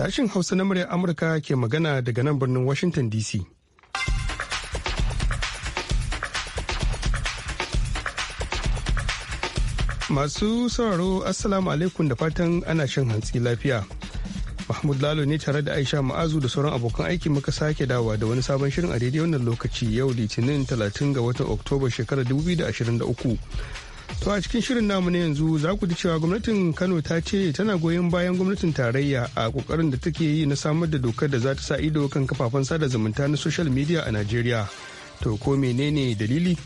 sashen Hausa na muryar Amurka ke magana daga nan birnin Washington DC. Masu sauraro Assalamu alaikum da fatan ana shan hantsi lafiya. Mahmud Lalo ne tare da Aisha Ma'azu da sauran abokan aiki muka sake dawa da wani sabon shirin a daidai wannan lokaci yau Litinin 30 ga watan Oktoba shekarar 2023. To a cikin shirin namu na yanzu za ku ji cewa gwamnatin Kano ta ce tana goyon bayan gwamnatin tarayya a kokarin da take yi na samar da dokar da za ta sa ido kan kafafen sada zumunta na social media a Najeriya. To ko menene dalili?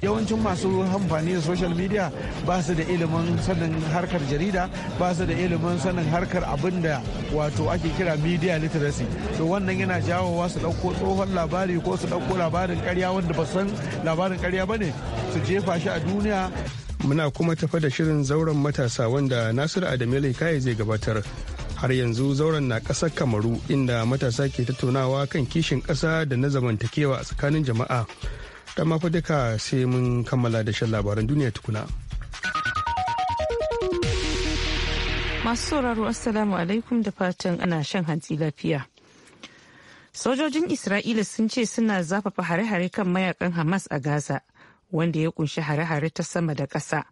yawancin masu amfani da social media ba su da ilimin sanin harkar jarida ba su da ilimin sanin harkar abin da wato ake kira media literacy to wannan yana jawowa su ɗauko tsohon labari ko su ɗauko labarin karya wanda ba san labarin karya ba ne su jefa shi a duniya muna kuma tafa da shirin zauren matasa wanda nasiru adamele kai zai gabatar har yanzu zauren na ƙasar kamaru inda matasa ke tattaunawa kan kishin ƙasa da na zamantakewa a tsakanin jama'a ta mafi duka sai mun kammala da shan labaran duniya tukuna masu sauraro assalamu alaikum da fatan ana shan hantsi lafiya sojojin isra'ila sun ce suna zafafa hare-hare kan mayakan hamas a gaza wanda ya kunshi hare-hare ta sama da ƙasa.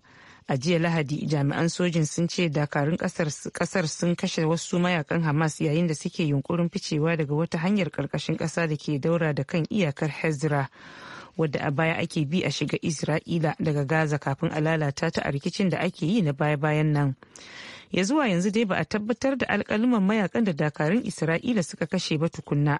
a jiya lahadi jami'an sojin sun ce dakarun kasar sun kashe wasu mayakan hamas yayin da suke yunkurin ficewa daga wata hanyar ƙarƙashin ƙasa da ke daura da kan iyakar hezra wadda a baya ake bi a shiga isra'ila daga gaza kafin a lalata ta a rikicin da ake yi na baya-bayan nan ya zuwa yanzu dai ba a tabbatar da alkaluman mayakan da dakarun isra'ila suka kashe ba tukunna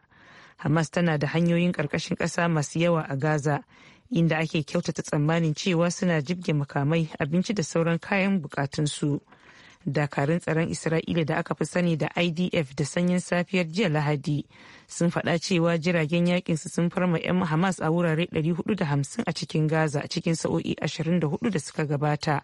hamas tana da hanyoyin ƙarƙashin ƙasa masu yawa a gaza inda ake kyautata tsammanin cewa suna jibge makamai abinci da sauran kayan bukatunsu dakarun tsaron isra'ila da aka fi sani da idf da sanyin safiyar jiya lahadi sun faɗa cewa jiragen yakinsu sun farma 'yan hamas a wurare 450 a cikin gaza cikin sa'o'i 24 da suka gabata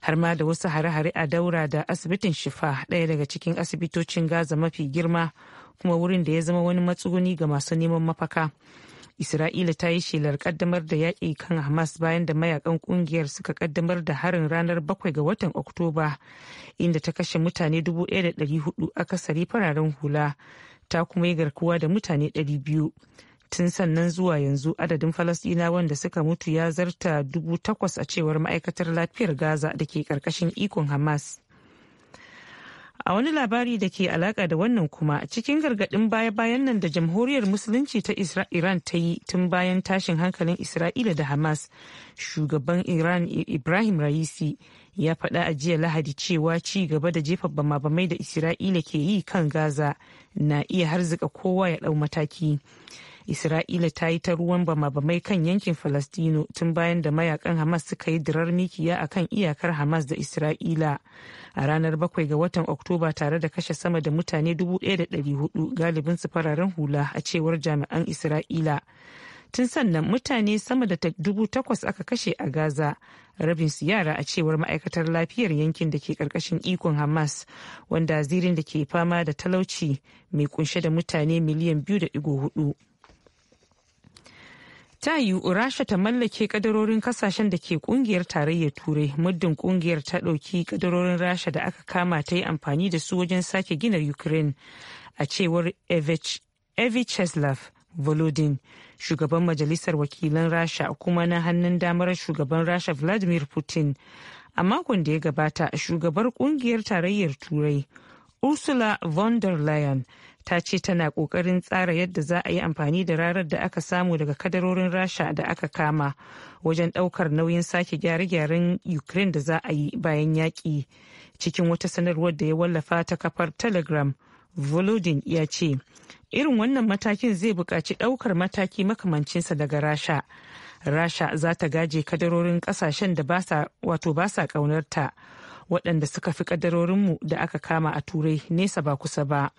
har ma da wasu hare-hare a daura da asibitin shifa ɗaya daga cikin asibitocin gaza mafi girma kuma wurin da ya zama wani matsuguni ga masu neman mafaka Isra'ila ta yi shelar kaddamar da yaƙi kan Hamas bayan da mayakan kungiyar suka kaddamar da harin ranar 7 ga watan Oktoba inda ta kashe mutane 1,400 kasari fararen hula ta kuma yi garkuwa da mutane 200. Tun sannan zuwa yanzu adadin Falasɗina wanda suka mutu ya zarta dubu takwas a cewar ma'aikatar lafiyar Gaza da ke ƙarƙashin ikon Hamas. A wani labari da ke alaka da wannan kuma cikin gargadin baya-bayan nan da jamhuriyar musulunci ta Iran ta yi tun bayan tashin hankalin Isra'ila da Hamas, shugaban Iran Ibrahim Raisi ya faɗa a jiya Lahadi cewa ci gaba da jefa bama-bamai da Isra'ila ke yi kan Gaza na iya harzika kowa ya ɗau mataki. Isra'ila ta yi ta ruwan bama-bamai kan yankin Falastino tun bayan da mayakan Hamas suka yi dirar mikiya a kan iyakar Hamas da Isra'ila a ranar bakwai ga watan Oktoba tare da kashe sama da mutane 1,400 galibin su fararen hula a cewar jami'an Isra'ila. Tun sannan mutane sama da dubu takwas aka kashe a Gaza, rabin su yara a cewar ma'aikatar lafiyar yankin da ke karkashin ikon Hamas, wanda zirin da ke fama da talauci mai kunshe da mutane miliyan biyu da hudu. ta yiwu rasha ta mallake kadarorin kasashen da ke kungiyar tarayyar turai muddin kungiyar ta dauki kadarorin rasha da aka kama ta yi amfani da su wajen sake gina ukraine a cewar evicheslav volodin shugaban majalisar wakilan rasha kuma na hannun damar shugaban rasha vladimir putin a makon da ya gabata shugabar kungiyar tarayyar turai ursula von der leyen ta ce tana kokarin tsara yadda za a yi amfani da rarar da aka samu daga kadarorin rasha da aka kama wajen daukar nauyin sake gyare-gyaren ukraine da za a yi bayan yaƙi cikin wata sanarwar da ya wallafa ta kafar telegram volodin ya ce irin wannan matakin zai buƙaci ɗaukar mataki makamancinsa daga rasha rasha za ta gaje kadarorin ƙasashen da wato ba sa ƙaunarta waɗanda suka fi kadarorinmu da aka kama a turai nesa ba kusa ba.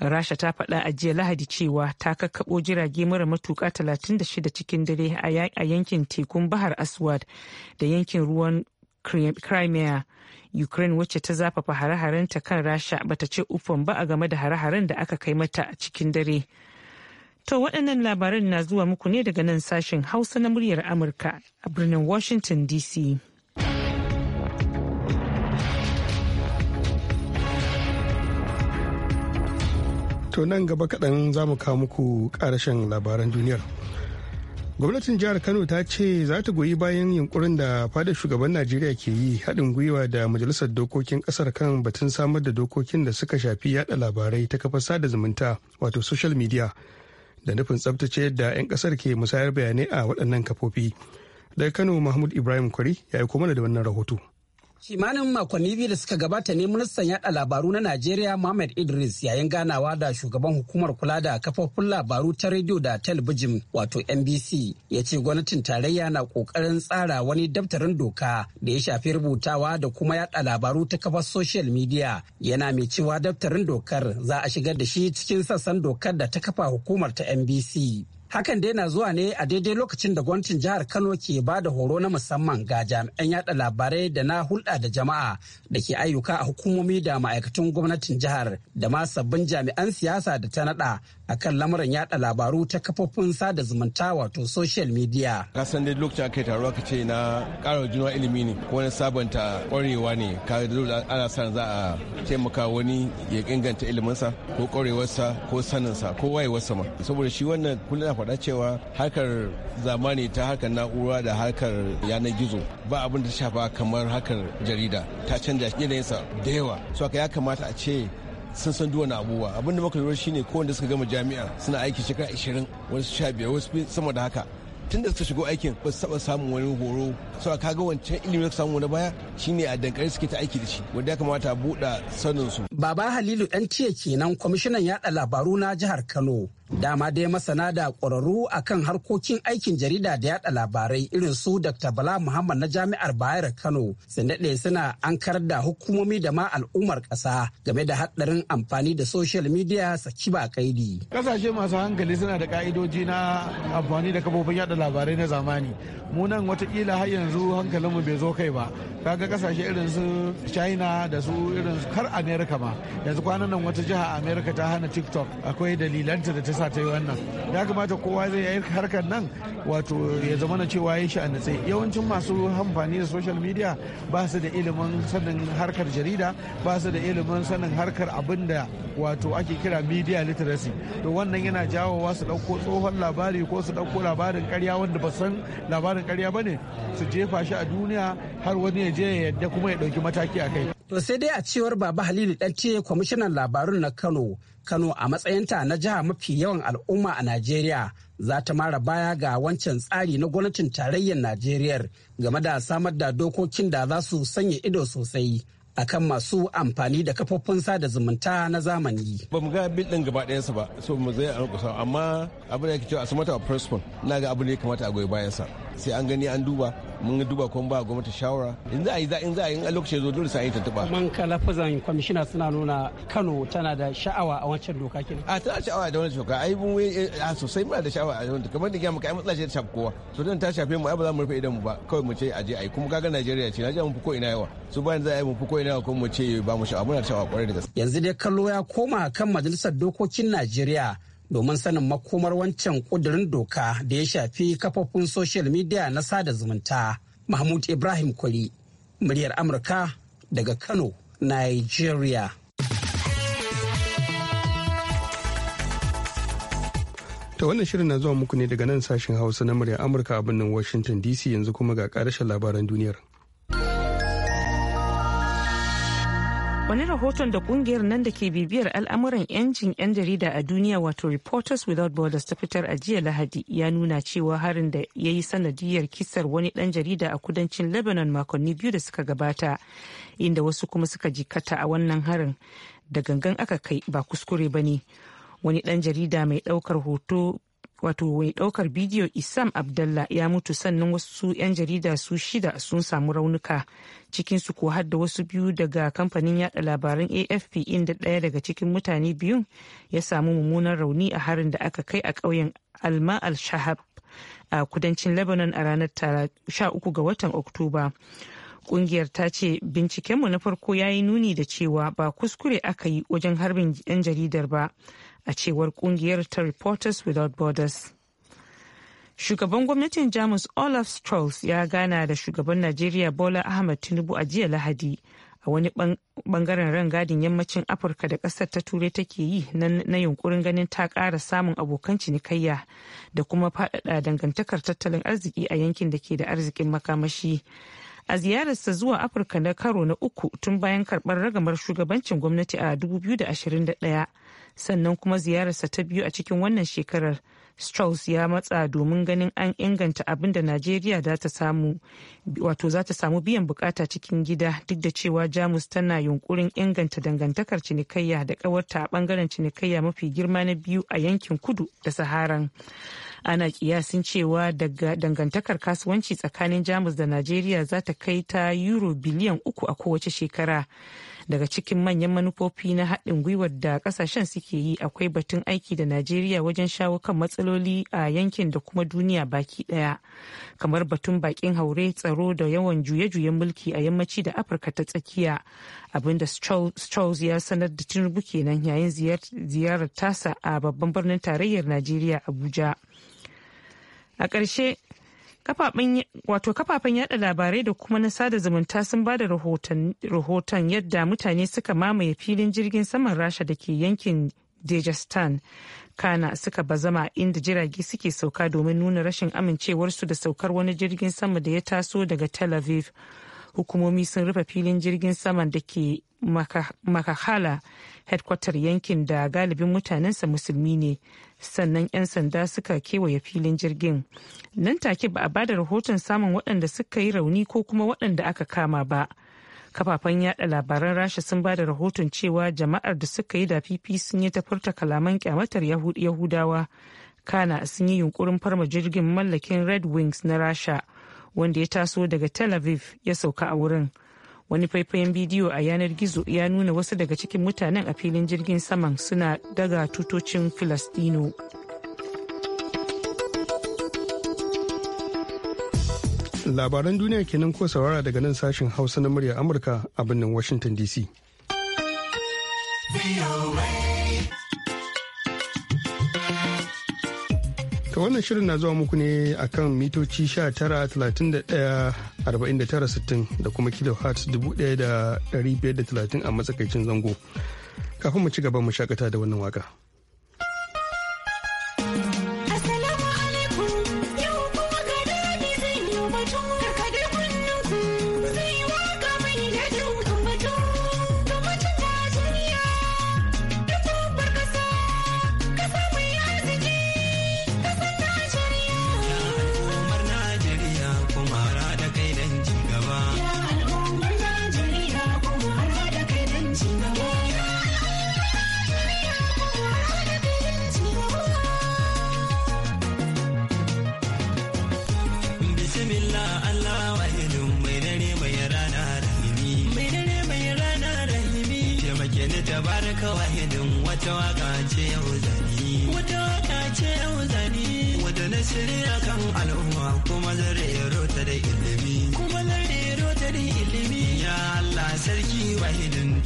rasha ta faɗa a jiya lahadi cewa ta kakkaɓo jirage mara matuƙa 36 cikin dare a yankin tekun bahar aswad da yankin ruwan crimea ukraine wacce ta zafafa hare-harenta kan rasha bata ce ufan ba a game da hare-haren da aka kai mata a cikin dare to waɗannan labaran na zuwa muku ne daga nan sashen hausa na muryar amurka a birnin washington dc to nan gaba kaɗan za mu kawo muku ƙarashen labaran duniyar gwamnatin jihar kano ta ce za ta goyi bayan yunkurin da fadar shugaban najeriya ke yi haɗin gwiwa da majalisar dokokin ƙasar kan batun samar da dokokin da suka shafi yada labarai ta kafar sada zumunta wato social media da nufin tsabtace yadda 'yan ƙasar ke musayar bayanai a waɗannan kafofi daga kano mahmud ibrahim kwari ya yi kuma da wannan rahoto kimanin makonni biyu da suka gabata ne ministan yada labaru na najeriya Muhammad idris yayin ganawa da shugaban hukumar kula da kafofin labaru ta rediyo da talabijin wato nbc ya ce gwamnatin tarayya na kokarin tsara wani daftarin doka da ya shafi rubutawa da kuma yada labaru ta kafar social media yana mai cewa daftarin dokar za a shigar da shi cikin sassan dokar da ta kafa hukumar ta nbc Hakan dai na zuwa ne a daidai lokacin da gwamnatin jihar Kano ke ba da horo na musamman ga jami'an yada labarai da na hulɗa da jama'a da ke ayyuka a hukumomi da ma'aikatan gwamnatin jihar da ma sabbin jami'an siyasa da ta naɗa akan lamarin yada labaru ta kafofin sada zumunta wato social media. Kasan dai lokacin aka yi taro aka ce na ƙara juna ilimi ne ko wani sabanta ƙwarewa ne ka da ana san za a taimaka wani ya inganta iliminsa ko ƙwarewarsa ko saninsa ko wayewarsa ma. Saboda shi wannan kullum na faɗa cewa harkar zamani ta harkar na'ura da harkar yanar gizo ba abin da shafa kamar harkar jarida ta canja yanayinsa da yawa. So ya kamata a ce sun san na abubuwa abinda da muka lura shine ko wanda suka gama jami'a suna aiki shekara ashirin wasu sha biyar wasu sama da haka tun da suka shigo aikin ba su taba samun wani horo a kaga wancan ilimin da samu na baya shine a dankare suke ta aiki da shi wanda ya kamata a buɗa sanin su baba halilu dan ciye kenan kwamishinan yaɗa labaru na jihar kano Dama dai masana da ƙwararru kan harkokin aikin jarida da yada labarai irin su Dr. Bala Muhammad na Jami'ar Bayar Kano sun daɗe suna ankar da hukumomi da ma al'ummar ƙasa game da haɗarin amfani da social media saki ba kaidi. Kasashe masu hankali suna da ka'idoji na amfani da kafofin yada labarai na zamani. Mu nan watakila har yanzu hankalinmu bai zo kai ba. Kaga kasashe irin su China da su irin su kar America ma. Yanzu kwanan nan wata jiha America ta hana TikTok akwai dalilanta da ta ƙasa ta yi wannan ya kamata kowa zai yi harkar nan wato ya zama na cewa ya sha'anace yawancin masu amfani da social media ba su da ilimin sanin harkar jarida ba su da ilimin sanin harkar abin da wato ake kira media literacy to wannan yana jawowa su dauko tsohon labari ko su ɗauko labarin karya wanda ba san labarin karya ba ne su jefa shi a duniya har wani ya je ya yadda kuma ya ɗauki mataki a kai To sai dai a cewar Baba Halilu Ɗacce kwamishinan labarun na Kano, Kano a matsayinta na jiha mafi yawan al'umma a Najeriya za ta mara baya ga wancan tsari na gwamnatin tarayyar najeriyar game da samar da dokokin da za su sanya ido sosai akan masu amfani da kafofin sada zumunta na zamani. Ba mu ga bil din gaba ɗayansa ba, so mu zai an kusa amma abin da yake cewa a matter of principle na ga abin da ya kamata a goyi bayansa. Sai an gani an duba, mun duba kuma ba gwamnati shawara. In za a yi za in za a yi a lokaci zo dole sai an yi tuntuɓa. Man ka lafazan kwamishina suna nuna Kano tana da sha'awa a wancan doka kenan. A tana sha'awa da wancan doka, ai mun eh, a sosai muna da sha'awa a wancan kamar da gaya maka ai matsala ce ta shafi kowa. So dan ta shafe mu ai ba za mu rufe idan mu ba, kawai mu ce a je a yi kuma kaga Najeriya ce, Najeriya mun fi ko ina yawa. Su bayan za a yi mun fi ko mu ce ba mu sha'awa muna sha'awa kwarai da gaske yanzu dai kallo ya koma kan majalisar dokokin Najeriya domin sanin makomar wancan kudirin doka da ya shafi kafofin social media na sada zumunta mahmud ibrahim kwari muryar amurka daga kano nigeria ta wannan shirin na zuwa muku ne daga nan sashen hausa na muryar amurka a birnin washington dc yanzu kuma ga karashen labaran duniyar wani rahoton da kungiyar nan da ke bibiyar al'amuran 'yancin 'yan jarida a duniya wato reporters without borders ta fitar a jiya lahadi ya nuna cewa harin da ya yi sanadiyar kisar wani dan jarida a kudancin lebanon makonni biyu da suka gabata inda wasu kuma suka jikata a wannan harin da gangan aka kai ba kuskure ba ne wani dan jarida mai daukar hoto wato mai ɗaukar bidiyo isam abdallah ya mutu sannan wasu 'yan jarida su shida sun samu raunuka cikinsu ko har da wasu biyu daga kamfanin yada labaran afp inda ɗaya daga cikin mutane biyun ya samu mummunan rauni a harin da aka kai a ƙauyen alma al-shahab a kudancin lebanon a ranar 13 ga watan oktoba kungiyar ta ce bincikenmu na farko ya yi nuni da cewa ba kuskure aka yi wajen harbin 'yan jaridar ba a cewar kungiyar ta reporters without borders shugaban gwamnatin jamus olaf strauss ya gana da shugaban najeriya bola ahmed tinubu a jiya lahadi a wani bangaren rangadin yammacin afirka da ƙasar ta turai take yi na yunkurin ganin ta kara samun abokan cinikayya da kuma faɗaɗa dangantakar tattalin arziki a yankin da ke da arzikin makamashi a ziyararsa zuwa afirka na karo na uku tun bayan karɓar ragamar shugabancin gwamnati a 2021 sannan kuma ziyararsa ta biyu a cikin wannan shekarar strauss ya matsa domin ganin an inganta abin da najeriya za ta samu biyan bukata cikin gida duk da cewa jamus tana yunkurin inganta dangantakar cinikayya da kawarta a bangaren cinikayya mafi girma na biyu a yankin kudu da saharan ana kiyasin cewa daga dangantakar kasuwanci tsakanin jamus da najeriya za ta kai ta euro biliyan uku a kowace shekara daga cikin manyan manufofi na haɗin gwiwar da ƙasashen suke yi akwai batun aiki da najeriya wajen shawo kan matsaloli a yankin da kuma duniya baki ɗaya kamar batun bakin haure tsaro da yawan juye-juyen mulki a yammaci da afirka ta tsakiya abinda strauss ya sanar da tinubu kenan yayin ziyarar tasa a babban birnin tarayyar najeriya abuja a ƙarshe wato kafafen yada labarai da kuma na sada zumunta sun ba da rahoton yadda mutane suka mamaye filin jirgin saman rasha da ke yankin dejastan kana suka bazama inda jirage suke sauka domin nuna rashin amincewarsu da saukar wani jirgin sama da ya taso daga Tel Aviv. Hukumomi sun rufe filin jirgin saman da ke Makahala, headquarter yankin da galibin mutanensa musulmi ne, sannan 'yan sanda suka kewaye filin jirgin nan take ba a bada rahoton samun waɗanda suka yi rauni ko kuma waɗanda aka kama ba kafafen yada labaran rasha sun ba da rahoton cewa jama'ar da suka yi da sun yi ta kalaman kyamatar yahudawa kana sun yi yunkurin farma jirgin mallakin red wings na rasha wanda ya taso daga tel aviv ya sauka a wurin wani faifayen bidiyo a yanar gizo ya nuna wasu daga cikin mutanen a filin jirgin saman suna daga tutocin filastino labaran duniya kenan ko saurara daga nan sashen hausa na murya amurka a birnin washington dc ka wannan shirin na zuwa muku ne a kan mitoci 19,31,49,60 da kuma kilo kilohertz 1,530 a matsakaicin zango. Kafin mu ci gaba mu shakata da wannan waka.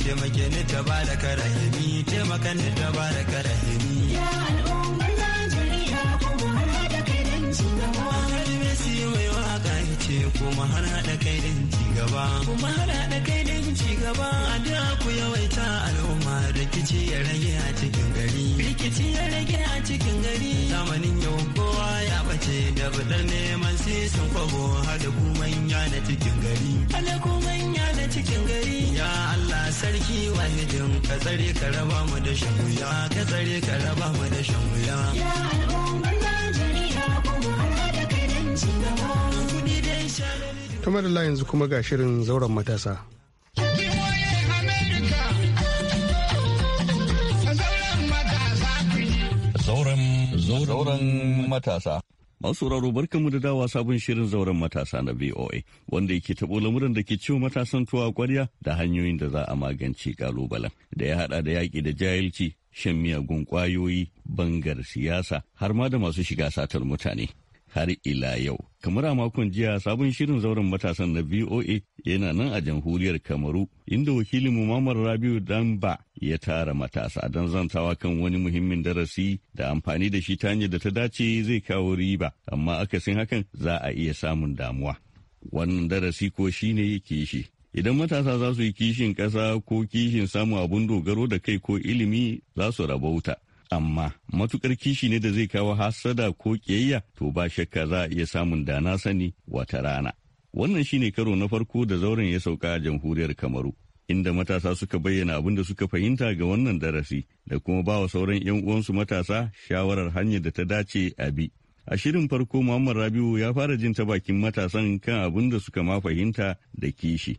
taimake ni ta ba da karahimi taimaka ni ta ba da karahimi ya al'ummar Najeriya kuma har haɗa kai don ci gaba Messi mai waka ce kuma har haɗa kai don ci gaba kuma har haɗa kai don ci gaba a da ku yawaita al'umma rikici ya rage a cikin gari rikici ya rage a cikin gari zamanin yau kowa ya bace da fitar neman sisin kwabo har da kuma ilahi ka tsare ka raba mu da shan wuya ka tsare ka raba mu da shan wuya kuma Allah da kai gaba kudi da shalali kamar da yanzu kuma ga shirin zauren matasa zauren matasa Masu sauraro barkanmu da dawa sabon shirin zauren matasa na VOA wanda yake taɓo lamuran da ke ciwo matasan tuwa kwarya da hanyoyin da za a magance kalubalen da ya haɗa da yaƙi da jahilci, shan miyagun ƙwayoyi, bangar siyasa har ma da masu shiga satar mutane. Har ila yau Kamar a makon jiya sabon shirin zauren matasan na VOA yana nan a jamhuriyar Kamaru inda wakilin mu Mamar Rabiu Danba ya tara matasa don zantawa kan wani muhimmin darasi da amfani da shi ta hanyar da ta dace zai kawo riba amma akasin hakan za a iya samun damuwa. Wannan darasi ko shine yake shi. idan matasa za su yi kishin ƙasa ko kishin samun abun dogaro da kai ko ilimi za su rabauta amma matukar kishi ne da zai kawo hasada ko kiyayya to ba shakka za a iya samun dana sani wata rana wannan shine karo na farko da zauren ya sauka a jamhuriyar kamaru inda matasa suka bayyana abin da suka fahimta ga wannan darasi da kuma ba wa sauran 'yan uwansu matasa shawarar hanyar da ta dace a bi a shirin farko muhammad rabiu ya fara jin ta bakin matasan kan abin da suka ma fahimta da kishi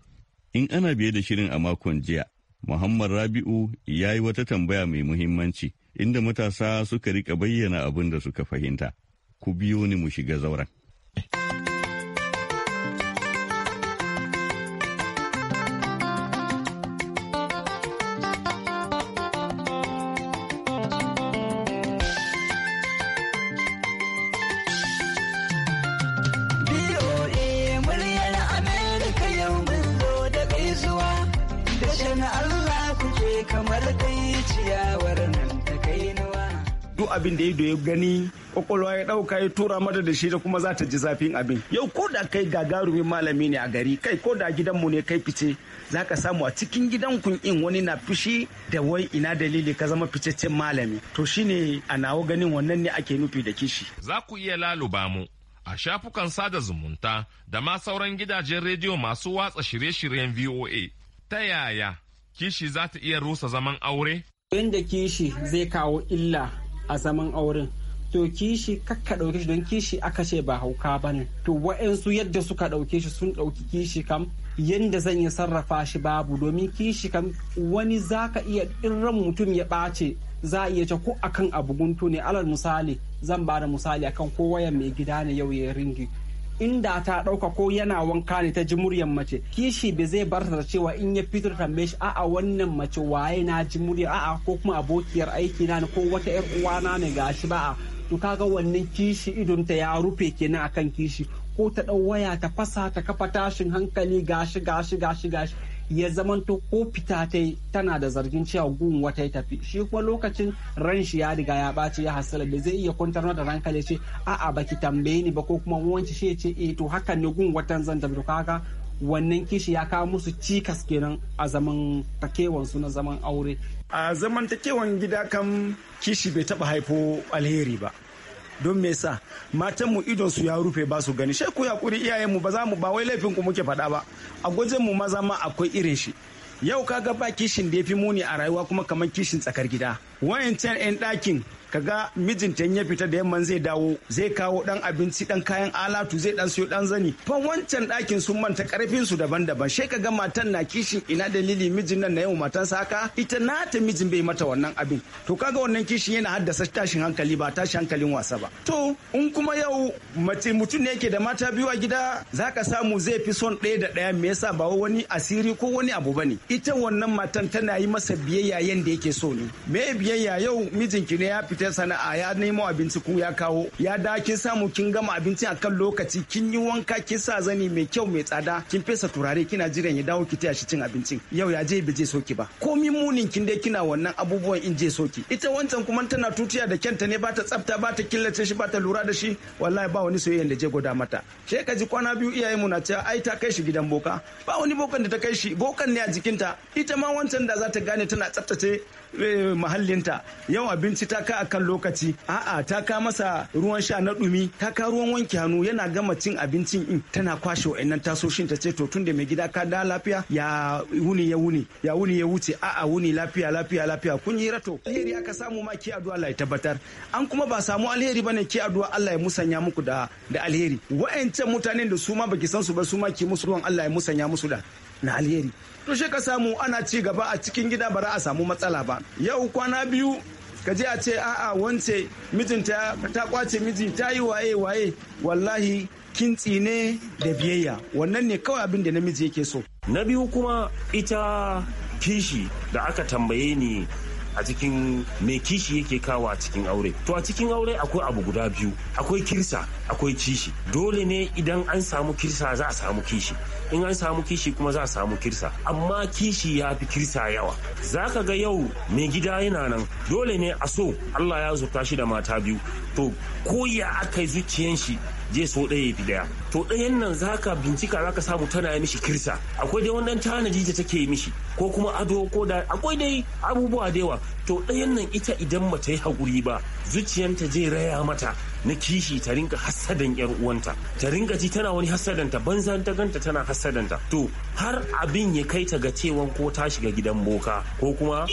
in ana biye da shirin a makon jiya muhammad rabiu ya yi wata tambaya mai muhimmanci inda matasa suka rika bayyana abin da suka fahimta. Ku biyo ni mu shiga zauren. zuwa da shan Allah kuke kamar dai ciyawar nan. duk abin da ido ya gani kwakwalwa ya ɗauka ya tura mata da shi da kuma za ta ji zafin abin yau ko da kai gagarumin malami ne a gari kai ko da gidanmu ne kai fice za ka samu a cikin gidan kun in wani na fushi da wai ina dalili ka zama ficeccen malami to shine a nawa ganin wannan ne ake nufi da kishi za ku iya laluba mu a shafukan sada zumunta da ma sauran gidajen rediyo masu watsa shirye-shiryen voa ta yaya kishi za ta iya rusa zaman aure? da kishi zai kawo illa a zaman auren to kishi kakka ɗauke shi don kishi aka ce ba hauka ba ne to wa'yansu yadda suka ɗauke shi sun ɗauki kishi kam yadda zan iya sarrafa shi babu domin kishi kam wani zaka iya ɗirran mutum ya ɓace za a iya ce ko akan abu guntu ne alal misali zan ba da misali akan ko wayan mai gida ne yau ya ringi inda ta ɗauka ko yana wanka ne ta ji muryar mace kishi bai zai bar ta cewa in ya fito tambaye shi a'a wannan mace waye na ji muryar a'a ko kuma abokiyar aiki na ne ko wata yar uwana ne gashi ba a to kaga wannan kishi idon ta ya rufe kenan akan kishi ko ta ɗau waya ta fasa ta kafa tashin hankali gashi gashi gashi gashi ya zamanto ko fita ta tana da zargin cewa gun wata ya tafi shi kuma lokacin ran shi ya riga ya ɓaci ya hasala da zai iya kwantar da ranka ya ce a'a baki tambaye ni ba ko kuma wancan shi ya ce eh to haka ne gun watan zan tafi kaga wannan kishi ya kawo musu cikas kenan a zaman su na zaman aure a zaman takewan gida kan kishi bai taba haifo alheri ba don me yasa matan mu idon su ya rufe ba su gani sai ku yakuri iyayen mu ba za mu ba wai laifin ku muke faɗa ba a gwajen mu maza ma akwai irin shi yau kaga ba kishin da yafi muni a rayuwa kuma kamar kishin tsakar gida wayancan 'yan ɗakin ka kaga mijinta ya fita da yamman zai dawo zai kawo dan abinci dan kayan alatu zai dan siyo dan zani fa wancan ɗakin sun manta karfin su daban-daban ka ga matan na kishin ina dalili mijin nan na yau matan saka ita na ta mijin bai mata wannan abin to kaga wannan kishin yana haddasa tashin hankali ba tashin hankalin wasa ba to in kuma yau mace mutum ne yake da mata biyu a gida zaka samu zai fi son ɗaya da ɗaya me yasa ba wani asiri ko wani abu ba ne ita wannan matan tana yi masa biyayya yanda yake so ne me biyayya yau mijinki ne ya fita sana'a ya nemo abinci ku ya kawo ya da kin samu kin gama abinci akan lokaci kin yi wanka kin sa zani mai kyau mai tsada kin fesa turare kina jiran ya dawo ki taya shi cin abincin yau ya je bai je soki ba min munin kin dai kina wannan abubuwan in je soki ita wancan kuma tana tutuya da kyanta ne ba ta tsafta ba ta killace shi ba ta lura da shi wallahi ba wani soyayyen da je goda mata she ka ji kwana biyu iyayen mu na cewa ai ta kai shi gidan boka ba wani bokan da ta kai shi bokan ne a jikinta ita ma wancan da za ta gane tana tsaftace Eh, mahallinta yau abinci ta ka akan lokaci a'a ta ka masa ruwan sha na dumi ta ka ruwan wanke hannu yana gama cin abincin in tana kwashe wa'annan tasoshin ta ce to tunda mai gida ka da lafiya ya wuni ya wuni ya wuni ya wuce a'a wuni lafiya lafiya lafiya kun yi rato alheri aka samu ma ki addu'a Allah ya tabbatar an kuma ba samu alheri bane ki addu'a Allah ya musanya muku da da alheri wa'ancan mutanen da su ma baki san su ba su ma ki musu ruwan Allah ya musanya musu da na alheri to shi ka samu ana ci gaba a cikin gida bara a samu matsala ba yau kwana biyu ka je a ce a'a wance mijinta ta kwace miji ta yi waye waye wallahi kin tsine da biyayya wannan ne kawai abin da namiji yake so na biyu kuma ita kishi da aka tambaye ni a cikin me kishi yake kawa a cikin aure to a cikin aure akwai abu guda biyu akwai kirsa akwai kishi dole ne idan an samu kirsa za a samu kishi in an samu kishi kuma za a samu kirsa amma kishi ya fi kirsa yawa za ka ga yau mai gida yana nan dole ne a so Allah ya zurta shi da mata biyu to ko ya aka yi zuciyan shi je so ɗaya ya fi ɗaya to ɗayan nan za ka bincika za ka samu tana yi mishi kirsa akwai dai wannan tanaji da take mishi ko kuma ado ko da akwai dai abubuwa da yawa to ɗayan nan ita idan ta yi haƙuri ba zuciyanta zai raya mata na kishi ta rinka hasadan yar uwanta ta rinka ji tana wani hassadanta banza ta ganta tana hassadanta to har abin ya kai ta ga cewa ko ta shiga gidan boka ko kuma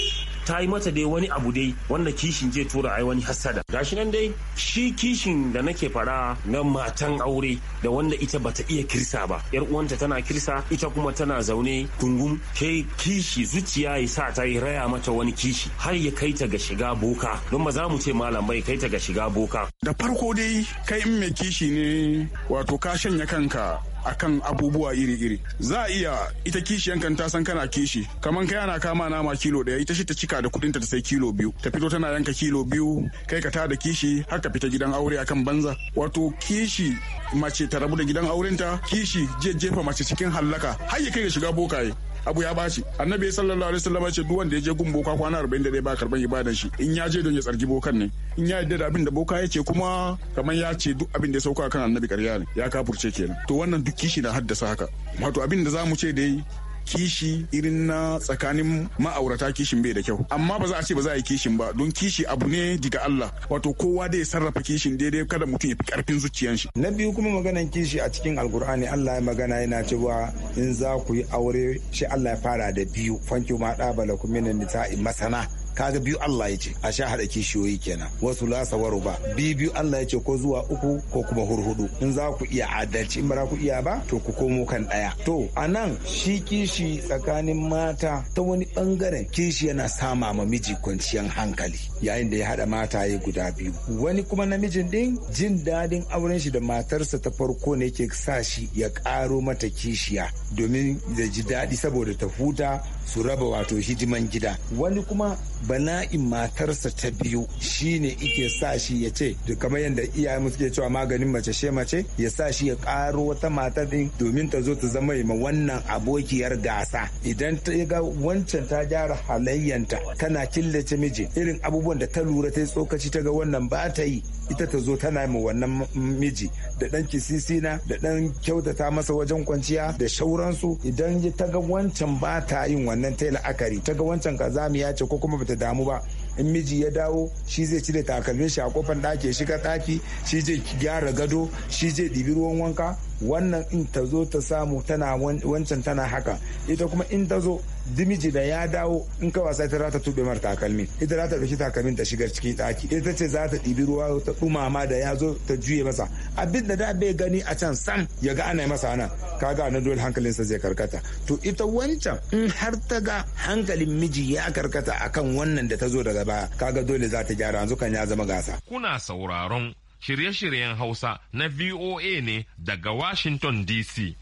ta yi mata dai wani abu dai wanda kishin zai tura ai wani hasada gashi nan dai shi kishin da nake fara na matan aure da wanda ita bata iya kirsa ba yar uwanta tana kirsa ita kuma tana zaune kungum ke kishi zuciya ya sa ta yi raya mata wani kishi har ya kai ta ga shiga boka don ba za mu ce malam bai kai ta ga shiga boka da farko dai kai in mai kishi ne wato ka shanya kanka akan abubuwa iri-iri za a iya ita kishi yankan ta san kana kishi kaman kai ana kama nama kilo daya ita shi ta cika da kudinta ta sai kilo biyu ta fito tana yanka kilo biyu kai ka tada kishi har ka fita gidan aure akan banza wato kishi mace ta rabu da gidan aurenta kishi jiya jefa mace cikin hallaka har ya kai da shiga bokaye abu ya bashi annabi sallallahu alaihi wasallam ce duk wanda ya je gun boka kwana 41 ba karban ibadan shi in ya je don ya tsargi bokan ne in ya yarda da abin da boka yake kuma kamar ya ce duk abin da ya sauka kan annabi ƙarya ne ya kafurce kenan to wannan duk kishi na haddasa haka wato abin da zamu ce dai kishi irin na tsakanin ma'aurata kishin bai da kyau amma ba za a ce ba za a yi kishin ba don kishi abu ne daga Allah wato kowa dai sarrafa kishin daidai kada mutum ya fi karfin zuciyan shi na biyu kuma maganan kishi a cikin alkur'ani Allah ya magana yana cewa in za ku yi aure shi Allah ya fara da biyu fanki ma da balakum nisa'i masana kaga biyu Allah ya ce a sha haɗa kishiyoyi kenan wasu lasa waro ba biyu biyu Allah ya ce ko zuwa uku ko kuma hurhudu in za ku iya adalci in ba ku iya ba to ku komo kan ɗaya to anan shi kishi tsakanin mata ta wani bangaren kishi yana sama ma miji kwanciyar hankali yayin da ya haɗa ya guda biyu wani kuma namijin din jin dadin auren shi da matarsa ta farko ne ke sa shi ya ƙaro mata kishiya domin da ji daɗi saboda ta huta su raba wato hidiman gida wani kuma bana'in matarsa ta biyu shine ike sa shi ya ce da kamar yadda iyaye mu suke cewa maganin mace she mace ya sa shi ya karo wata mata din domin ta zo ta zama ma wannan abokiyar gasa idan ta ga wancan ta gyara halayyanta tana killace miji irin abubuwan da ta lura ta yi tsokaci ta ga wannan ba ta yi ita ta zo tana ma wannan miji da dan na da dan kyautata masa wajen kwanciya da shauransu idan ta ga wancan ba ta yin wannan ta la'akari ta ga wancan kazamiya ce ko kuma bata damu ba in miji ya dawo shi zai cire takalmin shi a kofan ɗaki shiga ɗaki shi zai gyara gado shi zai ɗibi ruwan wanka wannan in ta zo ta samu tana wancan tana haka ita kuma in ta zo dimiji da ya dawo in ka wasa ita ta tube mar takalmin ita za ta ɗauki takalmin ta shigar cikin ɗaki ita ce za ta ɗibi ruwa ta ɗumama da ya zo ta juye masa abin da bai gani a can sam ya ga ana masa nan kaga na dole hankalinsa zai karkata to ita wancan in har ta ga hankalin miji ya karkata akan wannan da ta zo daga ba kaga dole za ta gyara yanzu kan ya zama gasa kuna sauraron shirye-shiryen Hausa na VOA ne daga Washington DC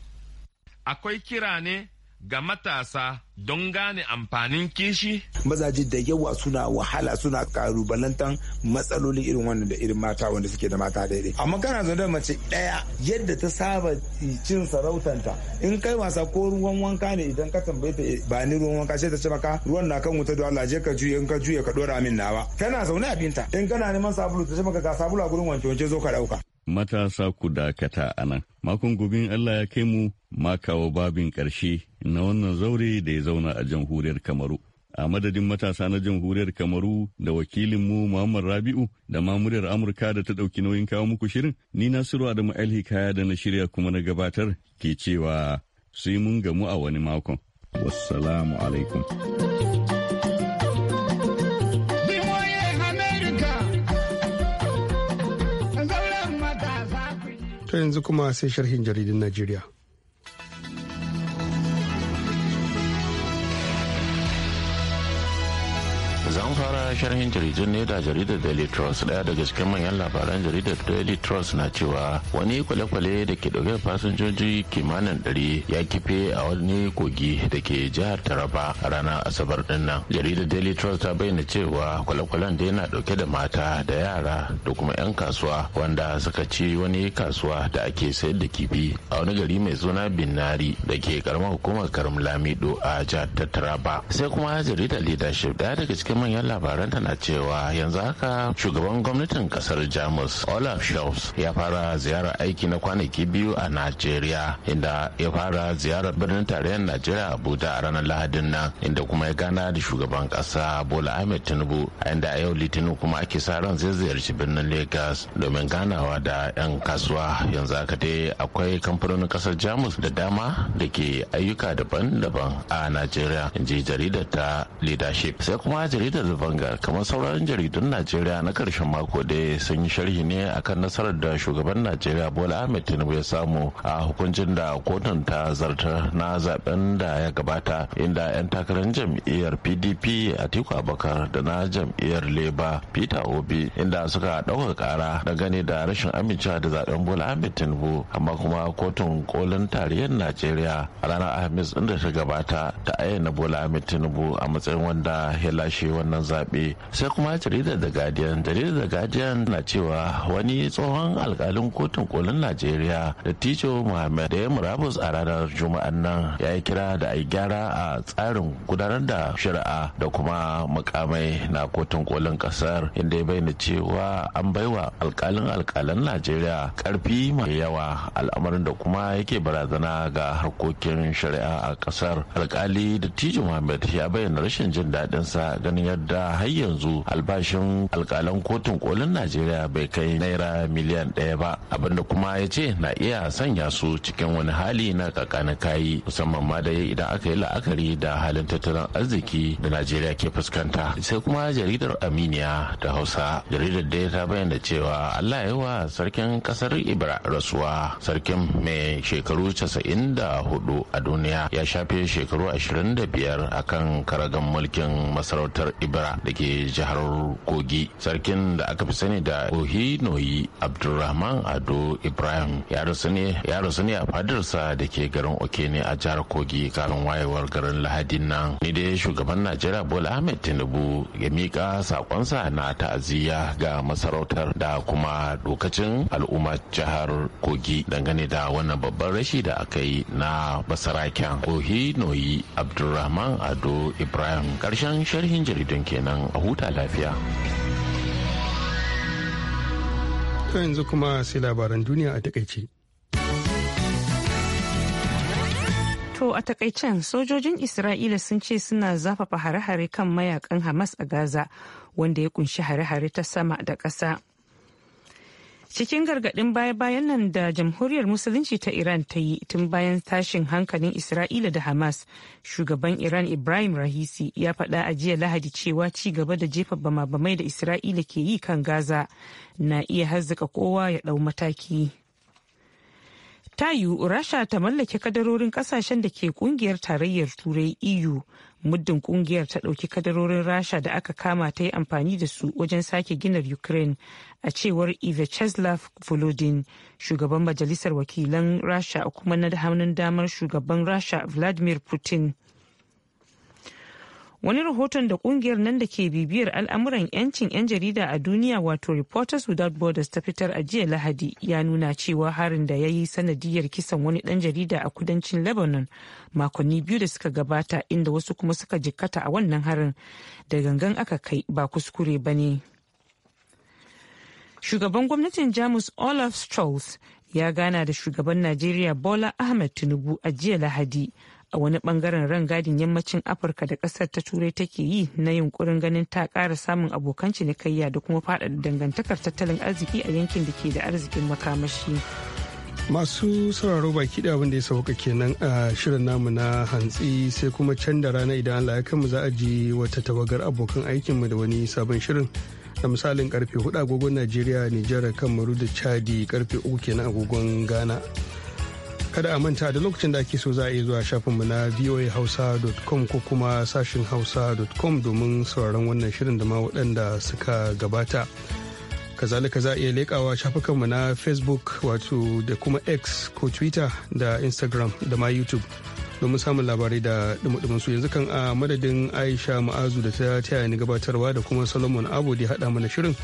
akwai kira ne ga matasa don gane amfanin kishi? Mazaje da yawa suna wahala suna karubalantan matsalolin irin wannan da irin mata wanda suke da mata daidai. Amma kana zaune da mace ɗaya yadda ta saba cin sarautanta in kai wasa ko ruwan wanka ne idan ka tambaye ta eh, ba ni ruwan wanka sai ta ce maka ruwan na kan wuta da Allah je ka juye in ka juye ka dora min nawa. Kana zaune a binta in kana neman sabulu ta ce maka ga sabulu a gurin wanke wanke zo ka ɗauka. matasa ku dakata a nan. Makon gobin Allah ya kai mu makawa babin ƙarshe na wannan zaure da ya zauna a jamhuriyar Kamaru. A madadin matasa na jamhuriyar Kamaru da wakilinmu Muhammad Rabi'u da mamuriyar Amurka da ta ɗauki nauyin kawo muku shirin, ni Nasiru Adamu Hikaya da na shirya kuma na gabatar ke cewa sai mun gamu a wani makon. Wassalamu alaikum. To yanzu kuma sai sharhin jaridun Najeriya. zan fara sharhin jaridun ne da jaridar daily trust daya daga cikin manyan labaran jaridar daily trust na cewa wani kwale-kwale da ke dauke fasinjoji kimanin 100 ya kife a wani kogi da ke jihar taraba a ranar asabar din jaridar daily trust ta bayyana cewa kwale-kwalen da yana dauke da mata da yara da kuma 'yan kasuwa wanda suka ci wani kasuwa da ake sayar da kifi a wani gari mai suna binari da ke karamar hukumar karim lamido a jihar taraba sai kuma jaridar leadership daya daga cikin manyan labaranta na cewa yanzu haka shugaban gwamnatin kasar jamus olaf shops ya fara ziyarar aiki na kwanaki biyu a najeriya inda ya fara ziyarar birnin tarayyar najeriya abuja a ranar lahadin nan inda kuma ya gana da shugaban kasa bola ahmed tinubu a inda a yau litinin kuma ake sa ran zai ziyarci birnin lagos domin ganawa da 'yan kasuwa yanzu haka dai akwai kamfanonin kasar jamus da dama da ke ayyuka daban-daban a najeriya in ji jaridar ta leadership sai kuma jaridar jaridar kamar sauran jaridun najeriya na karshen mako da sun yi sharhi ne akan nasarar da shugaban najeriya bola ahmed tinubu ya samu a hukuncin da kotun ta zarta na zaben da ya gabata inda 'yan takarar jam'iyyar pdp a atiku abakar da na jam'iyyar leba peter obi inda suka ɗaukar kara da gani da rashin amincewa da zaben bola ahmed tinubu amma kuma kotun kolin tarihin najeriya a ranar alhamis da ta gabata ta ayyana bola ahmed tinubu a matsayin wanda ya lashe wannan zaɓe sai kuma jaridar da guardian jaridar da guardian na cewa wani tsohon alkalin kotun kolin najeriya da tijo muhammad da ya murabus a ranar juma'an nan ya yi kira da a gyara a tsarin gudanar da shari'a da kuma mukamai na kotun kolin kasar inda ya bayyana cewa an baiwa alkalin alkalan najeriya karfi mai yawa al'amarin da kuma yake barazana ga harkokin shari'a a kasar alkali da tijo muhammad ya bayyana rashin jin daɗinsa ganin yadda har yanzu albashin alkalan kotun kolin najeriya bai kai naira miliyan ɗaya ba abinda kuma ya ce na iya sanya su cikin wani hali na kakanin kayi musamman ma da idan aka yi la'akari da halin tattalin arziki da najeriya ke fuskanta sai kuma jaridar aminiya da hausa jaridar da ta bayyana cewa allah ya wa sarkin kasar ibra rasuwa sarkin mai shekaru casa'in da hudu a duniya ya shafe shekaru ashirin da biyar akan karagan mulkin masarautar ibra da ke jihar kogi sarkin da aka fi sani da ohi noyi abdulrahman ado ibrahim ya rasu ne a fadarsa da ke garin okene a jihar kogi kafin wayewar garin lahadin nan ni dai shugaban najeriya bola ahmed tinubu ya mika sakonsa na ta'aziyya ga masarautar da kuma dokacin al'umma jihar kogi dangane da wannan babban rashi da aka yi na basaraken ohi noyi abdulrahman ado ibrahim karshen sharhin jirgin jaridun kenan a huta lafiya yanzu kuma sai labaran duniya a takaice To a takaicen sojojin Isra'ila sun ce suna zafafa hare-hare kan mayakan Hamas a Gaza wanda ya kunshi hare-hare ta sama da ƙasa. cikin gargadin baya-bayan nan da jamhuriyar musulunci ta iran ta yi tun bayan tashin hankalin isra'ila da hamas shugaban iran ibrahim rahisi ya faɗa a jiya lahadi cewa ci gaba da jefa bama-bamai da isra'ila ke yi kan gaza na iya hazzaka kowa ya ɗau mataki ta yiwu rasha ta mallake kadarorin kasashen da ke kungiyar tarayyar turai eu muddin kungiyar ta dauki kadarorin rasha da aka kama ta yi amfani da su wajen sake gina ukraine a cewar vyacheslav volodin shugaban majalisar wakilan rasha kuma na hannun damar shugaban rasha vladimir putin wani rahoton da kungiyar nan da ke bibiyar al'amuran 'yancin 'yan jarida a duniya wato reporters without borders ta fitar a jiya lahadi ya nuna cewa harin da ya yi sanadiyar kisan wani dan jarida a kudancin lebanon makonni biyu da suka gabata inda wasu kuma suka jikkata a wannan harin da gangan aka kai ba kuskure ba ne shugaban gwamnatin jamus olaf scholz ya gana da shugaban najeriya bola ahmed tinubu a jiya lahadi a wani bangaren rangadin yammacin afirka da kasar ta turai take yi na yunkurin ganin ta kara samun abokan cinikayya da kuma faɗaɗa dangantakar tattalin arziki a yankin da ke da arzikin makamashi masu sauraro baki da abin da ya sauka kenan a shirin namu na hantsi sai kuma can da rana idan allah ya kanmu za a ji wata tawagar abokan aikinmu da wani sabon shirin da misalin karfe 4 agogon najeriya nijar kamaru da chadi karfe 3 kenan agogon ghana kada a manta da lokacin da ake so za a iya zuwa shafinmu na voahausa.com ko kuma sashin hausa.com domin sauraron wannan shirin da ma waɗanda suka gabata kazalika za a iya leƙawa shafukanmu na facebook wato da kuma x ko twitter da instagram da ma youtube domin samun labarai da dumudumin su yanzu kan a madadin aisha ma'azu da ta taya ni gabatarwa da kuma solomon abu da haɗa mana shirin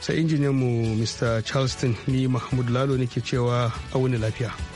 sai injiniyanmu mr charleston ni mahmud lalo nake cewa a wani lafiya